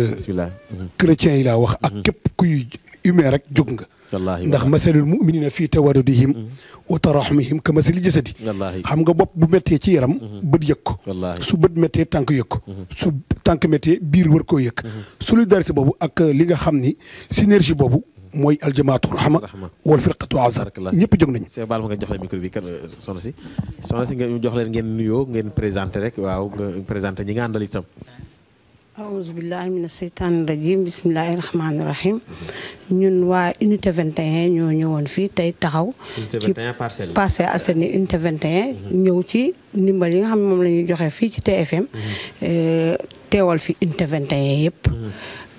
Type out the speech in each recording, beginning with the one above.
Euh, bisimilah chrétiens yi la wax ak mhm. képp kuy humain rek jóg nga ndax mathalul muminina fii tawadudihim mhm. wa tarahumihim ka masali jasadi xam nga bopp bu méttee ci yaram mhm. bët yëg ko su bët méttee tànk yëg ko su tànk méttee biir war koo yëg solidarité boobu ak euh, li nga xam ni synergie boobu mooy aljamaatu rahma wal firqatu azar ñëpp jóg nañu. sëñ Baal ma nga jox leen micro bi kan euh, soxna si soxna si nga jox leen ngeen nuyoo ngeen présenté rek waaw nga présenté ñi nga àndal itam. aousubillahi mina seytaani rajim bisimilahi rahmaani rahim ñun waa unité 21 ñoo ñëwoon fii tey taxaw ci Parcelles Assainies unité 21 ñëw ci ndimbal yi nga xam ne moom la ñuy joxe fii ci TFM mhm. eh, teewal fi unité 21 yëpp mhm.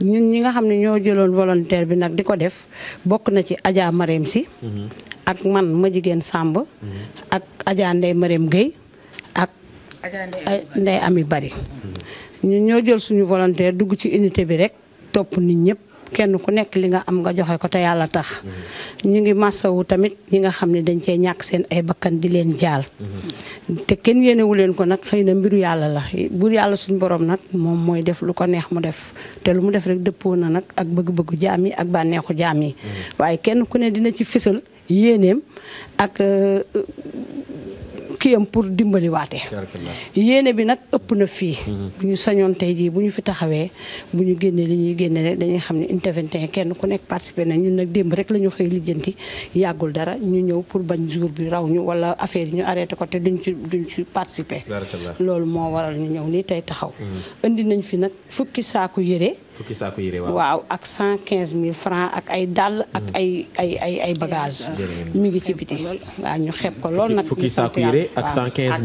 ñun ñi nga xam ne ñoo jëloon volontaire bi nag di ko def bokk na ci Adja Marème si mhm. ak man ma jigéen sàmb ak Adja Ndeye Marème Gueye ak Ndeye Ami Bari ñu ñoo jël suñu volontaire dugg ci unité bi rek topp nit ñëpp kenn ku nekk li nga am nga joxe ko te yàlla tax. ñu ngi massawu tamit ñi nga xam ne dañ cee ñàkk seen ay bakkan di leen jaal. te kenn yéenewu leen ko nag xëy na mbiru yàlla la bu yàlla suñu borom nag moom mooy def lu ko neex mu def te lu mu def rek dëppoo na nag ak bëgg-bëggu jaam yi ak bànneexu jaam yi. Mm. waaye kenn ku ne dina ci fësal yéeneem ak. Euh, kiyam pour dimbali waate yéene bi nag ëpp na fii mhm. bu ñu sañoon tey jii bu ñu fi taxawee bu ñu génnee li ñuy génne rek dañuy xam ne unité kenn ku nekk participé na ñun nag démb rek la ñu xëy lijjanti yàggul dara ñu ñëw pour bañ jour bi raw ñu wala affaire yi ñu arrêté ko te duñ ci duñ ci participé loolu moo waral ñu ñëw nii tey taxaw mhm. indi nañ fi nag fukki saaku yére fukki saako yére waaw ak cent quinze mille francs ak ay dàll ak mm. ay ay ay ay bagages. mi ngi ci biti waaw ñu xeeb ko lool nag. fukki saako yére ak cent quinze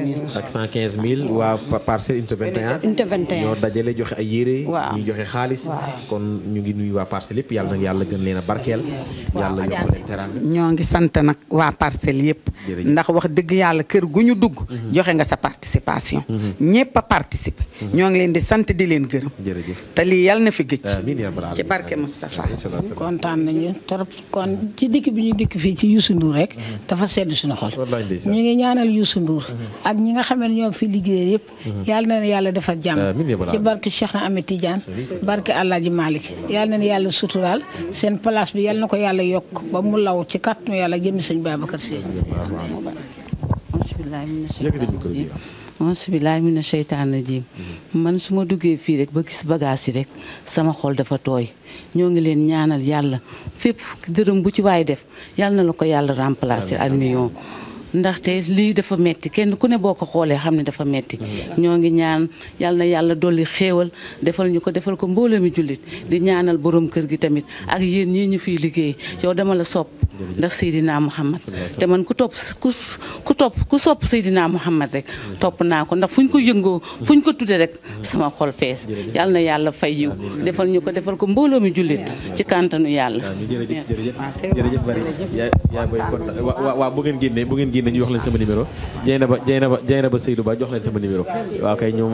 mille cent quinze mille waa parcelle unité dajale joxe ay yére. waaw ñu joxe xaalis. kon ñu ngi nuyu waa parcelle yëpp yàlla nag yàlla gën leen a barkeel. ñoo ngi sant nag waa parcelle yëpp. ndax wax dëgg yàlla kër gu ñu dugg. Mm-hmm. joxe nga sa participation. Mm-hmm. ñëpp a participer. Mm-hmm. ñoo ngi leen di sant di leen gërëm. jërëjëf te lii yàlla na fi gëj. ci barke Moustapha. kontaan nañu trop kon ci dikk bi ñu dikk fii ci Youssou nduur rek. Mhm. dafa sedd suñu xol. ñu ngi ñaanal Youssou Ndour. Mhm. ak ñi nga xam ne ñoom fi liggéey yëpp. Mhm. yàlla na ne yàlla defal jàmm. ci barke Cheikh Ahmed Tidiane. barke El Hadj Malick yàlla na ne yàlla suturaal seen place bi yàlla na ko yàlla yokk ba mu law ci kàttanu yàlla jëmi sëñ Babacar Sy. auzu billaahi mina seytaan rajiim mm-hmm. man su ma duggee fii rek ba gis bagaas yi rek sama xol dafa tooy ñoo ngi leen ñaanal yàlla fépp dërëm bu ci waay def yàlla na la ko yàlla remplacer ak million ndaxte lii dafa metti kenn ku ne boo ko xoolee xam ne dafa metti mm-hmm. ñoo ngi ñaan yal na yàlla dolli xéewal defal ñu ko defal ko mbooloo mi jullit di ñaanal borom kër gi tamit ak yéen ñii ñu fiy liggéey yow dama la sopp ndax Seydina Muhammad te man ku topp ku ku topp ku sopp Seydina Muhammad rek topp naa ko ndax fu ñu ko yëngoo fu ñu ko tuddee rek mm. sama xol fees yàlla na yàlla fay yiw defal ñu ko defal ko mbooloo mi jullit ci kàntanu yàlla jërëjëf ah, bari yaa boy bu ngeen génnee bu ngeen génnee ñu jox leen sama numéro Jeynaba Jeynaba Jeynaba Seydou Ba jox leen sama numéro waaw kay ñoom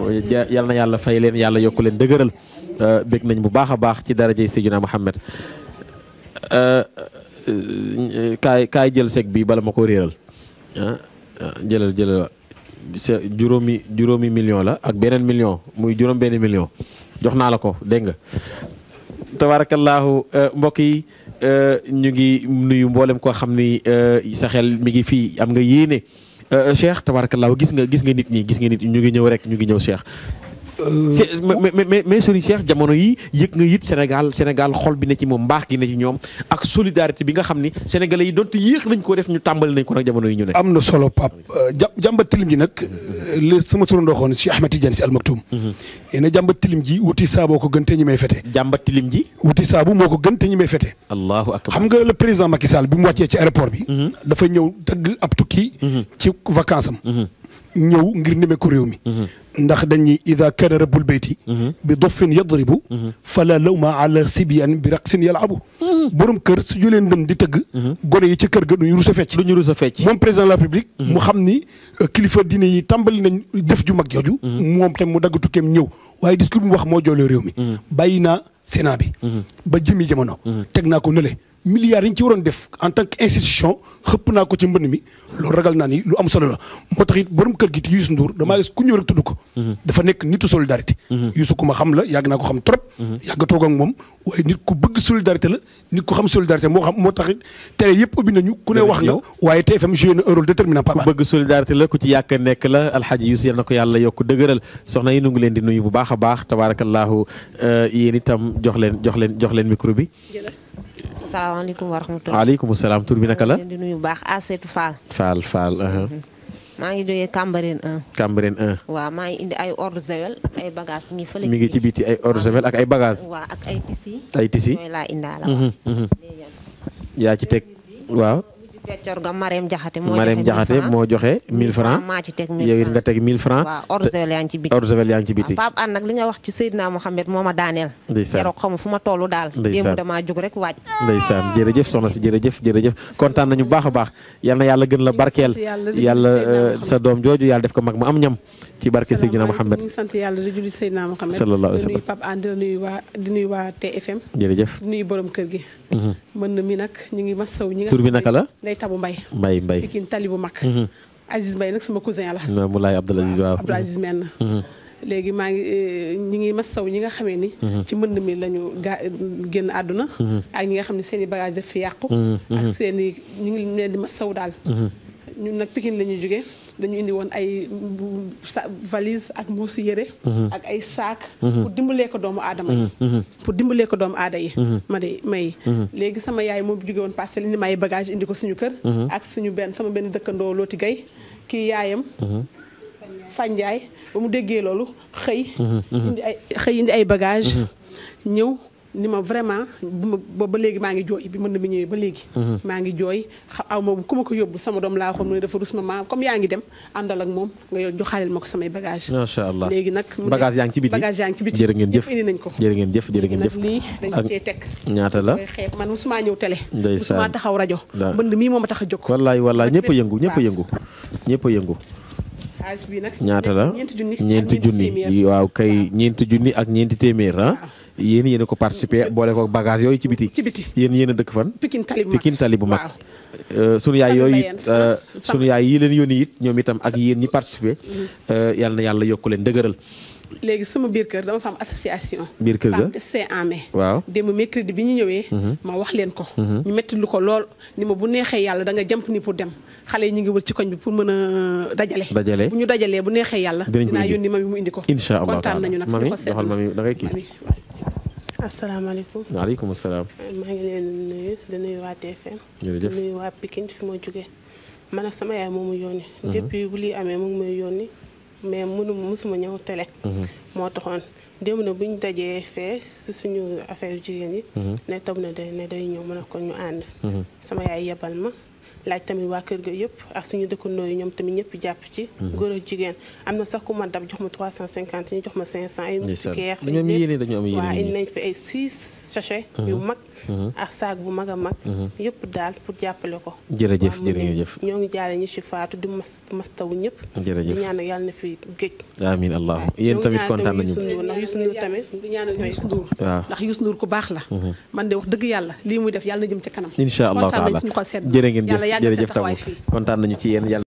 yàlla na yàlla fay leen yàlla yokku leen dëgëral euh, bég nañ bu baax a baax ci darajay Seydina Muhammad euh, kaay jël sec bi bala ma ko réeral ah, ah, jëlal jëlal sa juróomi juróomi million la ak beneen million muy juróom benn million jox naa la ko dégg nga tabaarakallaahu eh, mbokk yi eh, ñu ngi nuyu mboolem koo xam ni eh, sa xel mi ngi fii am nga yéene Cheikh tabaarakallaahu gis nga gis nga nit ñi gis nga nit ñu ngi ñëw rek ñu ngi ñëw Cheikh mais mais mais Serigne Cheikh jamono yi yëg nga yit Sénégal Sénégal xol bi ne ci moom mbaax gi ne ci ñoom ak solidarité bi nga xam ni sénégalais yi donte yéex nañ ko def ñu tàmbali nañ ko nag jamono yi ñu ne. am na solo Pape euh, jàmbat tilim ji nag euh, li sama turandoo xoon si Ahmed Tidiane si almaktum. Mhm. Eh, nee na jàmbat tilim ji wuti saaboo ko gën te ñi may fete. jàmbat tilim ji. wuti saabu moo ko gën te ñi may fete. allahu akbar xam nga le président Macky Sall bi mu wàccee ci aéroport bi. Mhm. dafa ñëw tëgg ab tukki. Mhm. ci ñëw ngir nimeeku réew mi mhm. ndax dañuy ida kaana rabbul bayti mhm. bi dofin yadribu mhm. fala lawma ala sibiyan bi raqsin yalabu borom kër su juleen dem di tëgg gone yi ci kër ga duñu rus a fecc duñu rus a fecc moom président de la république mu xam ni euh, kilifa diine yi tàmbali nañ def ju mag jooju moom tam mu daggatu tukkeem ñëw waaye discours mu wax moo joolee réew mi bàyyi naa sénat bi ba jëmi jamono teg naa ko nële milliards yi ñu ci waroon def en tant que institution xëpp naa ko ci mbënn mi loolu ragal naa ni lu am solo la moo tax it borom kër gi Youssou Ndour damaa gis ku ñëw rek ko. Mhm. dafa nekk nitu solidarité. Mhm. Youssou ku ma xam la yàgg naa ko xam trop. Mhm. yàgg toog ak moom waaye nit ku bëgg solidarité la nit ko xam solidarité moo xam moo tax it télé yëpp ubbi ñu ku ne wax nga waaye TFM joué na un rôle déterminant. ku bëgg solidarité la ku ci yàq nekk la alxaaji Youssou yal na ko yàlla yokk dëgëral soxna yi nu leen di nuyu bu baax a baax tabaarakallaahu euh, yéen itam jox leen jox leen jox leen micro bi asalaamaaleykum wa rahmatulah. waaleykum salaam tur la. di nuyu bu baax Asetu Fall. Fall Fall. Uh-huh. maa ngi doyee Cambérène 1. Cambérène maa ngi indi ay ordre zewel ak ay ngi fële. mi ngi ci biti ay ordre zewel ak ay bagages. ak ay tisi. ay tisi yooyu mhm, mhm. ci teg waaw. beccor ga Marème Diakhaté moo joxe Marème Diakhaté moo joxe 1000 francs maa ci teg 1000 francs yow it nga teg 1000 francs waaw orzevel yaa ngi ci biti orzevel yaa ngi ci biti Pape Anne nag li nga wax ci Seydina Mohamed moo ma daaneel keroog xamu fu ma tollu daal démb damaa jóg rek waaj ndeysaan jërëjëf soxna si jërëjëf jërëjëf kontaan nañu baax baax yal na yàlla gën la barkeel yàlla euh, sa doom jooju yàlla def ko mag mu am ñam ci barke Seydina Mouhamed ñu ngi sant yàlla di julli Seydina Mouhamed sallallahu alayhi wa sallam di nuyu Pape Ande waa di waa TFM jërëjëf di nuyu borom kër gi mhm. mën na mi nag ñu ngi masaw ñi nga tur bi la day tabu mbay mbay mbay Pikine tali bu mag mhm. Aziz Mbay nag sama cousin la Moulaye Abdoul Aziz waaw Abdoul Aziz menn mhm. léegi maa ngi eh, ñi ngi masaw ñi nga xamee ni ci mbënd mi lañu gaa génn àdduna ak ñi nga xam ne seen i bagage daf fi yàqu ak seen i ñu ngi leen ma masaw daal ñun nag Pikine la ñuy dañu indi woon ay sa valise ak mbuusi yére mhm. ak ay sac mhm. pour dimbalee ko doomu aadama yi mhm. pour dimbalee ko doomu aada yi ma de may léegi sama yaay moom jóge woon parcelle indi may bagage indi ko suñu kër ak suñu benn sama benn dëkkandoo looti gay kii yaayam fanjaay ba mu déggee loolu xëy indi ay xëy indi ay bagage ñëw ni ma vraiment ba ba léegi maa ngi jooy bi mën na mi ñëwee ba léegi mhm. maa ngi jooy aw ma ku ma ko yóbbu sama doom laa waxoon mu ne dafa rus ma ma yaa ngi dem àndal ak moom nga yow joxaaleel ma ko samay bagage léegi nag bagage yaa ngi ci biti bagage yaa ngi ci biti jërë ngeen jëf indi ko jërë ngeen jëf jërë ngeen jëf lii dañ cee teg ñaata la xeeb man musumaa ñëw télé musumaa taxaw rajo mbënd mii moom a tax a jóg wallaay wallaay ñëpp a yëngu ñëpp a yëngu ñëpp a yëngu ñaata la ñeenti junni waaw kay ñeenti junni ak ñeenti téeméer ah yéen yéen ko participé boole ko bagage yooyu ci biti yéen yéen a dëkk fan Pikine Tali bu mag euh, sunu yooyu it euh, sunu yaay yi leen yónni it ñoom itam ak yéen ñi participé mhm. euh, yàlla yàlla yokk leen dëgëral léegi sama biir kër dama fa am association. biir kër ga c'est en mai. waaw bi ñu ñëwee. Mhm. ma wax leen ko. Mhm. ñu metti lu ko lool ni ma bu neexee yàlla da nga jàmp ni pour dem xale yi ñu ngi wër ci koñ bi pour mën a euh, dajale. dajale bu ñu dajalee bu neexee yàlla. dinaa yónni mami mu indi ko. incha allah kontaan nañu nag mami doxal mami da ngay kii. asalaamaaleykum. waaleykum salaam. maa ngi leen di nuyu di nuyu waa TFM. jërëjëf di nuyu waa Pikine fi ma jógee. man ak sama yaay moomu mhm. lii amee mu ngi may yónni mais mënuma mosuma ñëw télé. Mhm. moo taxoon démb na bu ñu dajee fee si suñu affaire jigéen yi. Mhm. ne toog day ne day ñëw mën a ko ñu ànd. Mhm. sama yaay yebal ma. laaj tamit waa kër ga yëpp ak suñu dëkkandoo yi ñoom tamit ñëpp jàpp ci mhm. góor ak jigéen am na sax ku ma dab jox ma 350 ñu jox ma 500 ay moustiquaires waaw indi mhm. yu mag mhm. ak saag bu mag a mag yëpp daal pour jàppale ko jërëjëf jërëjëf ñoo ngi jaale ñi ci faatu di mas mastawu ñëpp jërëjëf di ñaanal yàlla na fi géej amiin allah yéen tamit kontaan nañu ndax Youssou Ndour tamit di ñaanal ñooy Youssou Ndour waaw ndax Youssou Ndour ku baax la man de wax dëgg yàlla lii muy def yàlla na jëm ca kanam yàgg sa taxawaay fii kontaan nañu ci yen yàlla